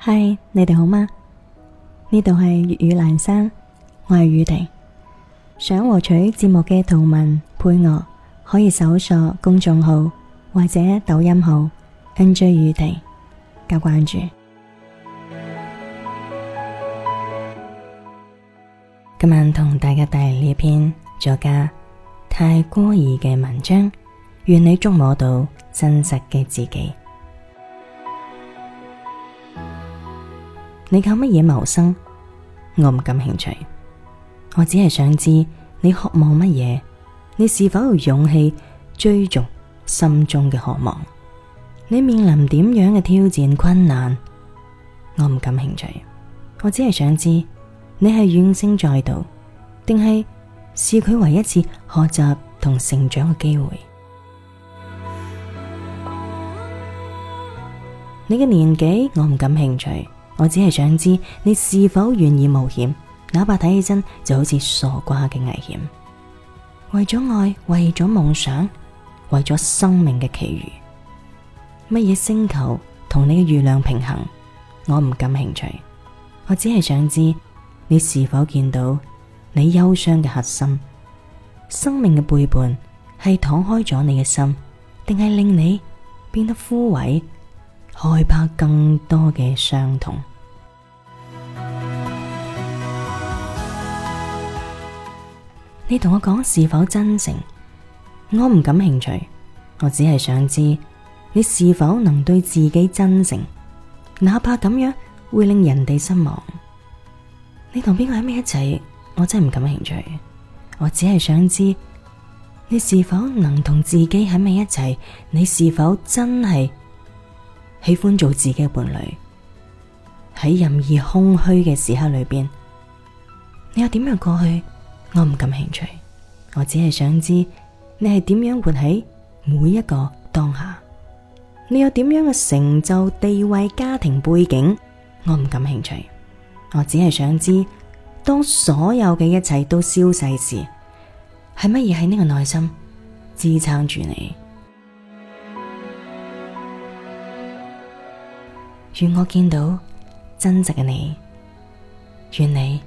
嗨，Hi, 你哋好嗎？呢度係粵語蘭山，我係宇婷。想獲取節目嘅圖文配樂，可以搜索公眾號或者抖音號 NJ 宇婷加關注。今晚同大家帶嚟呢一篇作家泰戈爾嘅文章，願你觸摸到真實嘅自己。你靠乜嘢謀生？我唔感興趣。我只係想知你渴望乜嘢？你是否有勇氣追逐心中嘅渴望？你面臨點樣嘅挑戰困難？我唔感興趣。我只係想知你係怨聲載道，定係視佢為一次學習同成長嘅機會？你嘅年紀，我唔感興趣。我只係想知你是否願意冒險，哪怕睇起身就好似傻瓜嘅危險。為咗愛，為咗夢想，為咗生命嘅奇遇，乜嘢星球同你嘅月亮平行，我唔感興趣。我只係想知你是否見到你憂傷嘅核心，生命嘅背叛係敞開咗你嘅心，定係令你變得枯萎？害怕更多嘅傷痛。你同我講是否真誠，我唔感興趣。我只係想知你是否能對自己真誠，哪怕咁樣會令人哋失望。你同邊個喺埋一齊，我真係唔感興趣。我只係想知你是否能同自己喺埋一齊。你是否真係？喜歡做自己嘅伴侶，喺任意空虛嘅時刻裏邊，你有點樣過去？我唔感興趣，我只係想知你係點樣活喺每一個當下。你有點樣嘅成就、地位、家庭背景？我唔感興趣，我只係想知當所有嘅一切都消逝時，係乜嘢喺呢個內心支撐住你？願我見到真實嘅你，願你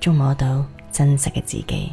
觸摸到真實嘅自己。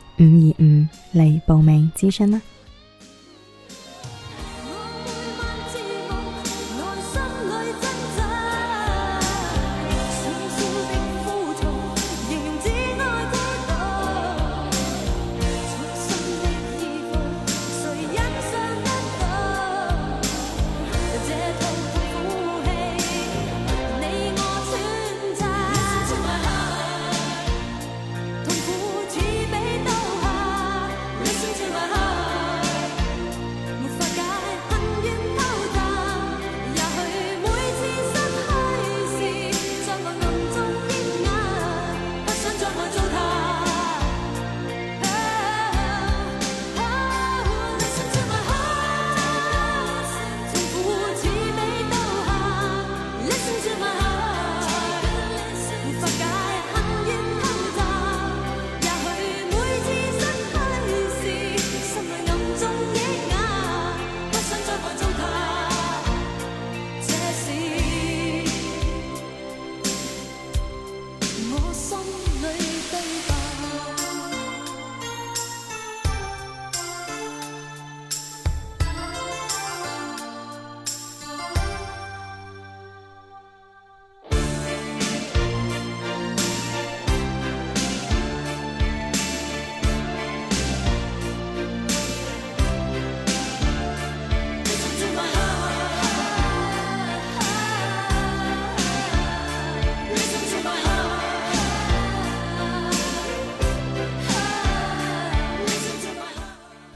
五二五嚟報名諮詢啦！